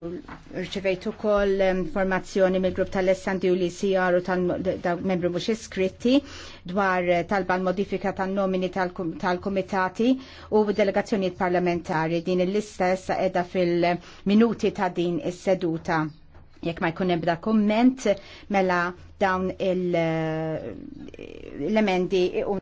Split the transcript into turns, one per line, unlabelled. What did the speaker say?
Rċevejtu ukoll informazzjoni mill-grupp tal-Essandi u li sijar u tal-membru mhux iskritti dwar eh, talba l-modifika tan-nomini tal-komitati u delegazzjonijiet parlamentari. Din il-lista issa qiegħda fil-minuti ta' din is-seduta. Jekk ma jkun ebda komment mela dawn eh, l-emendi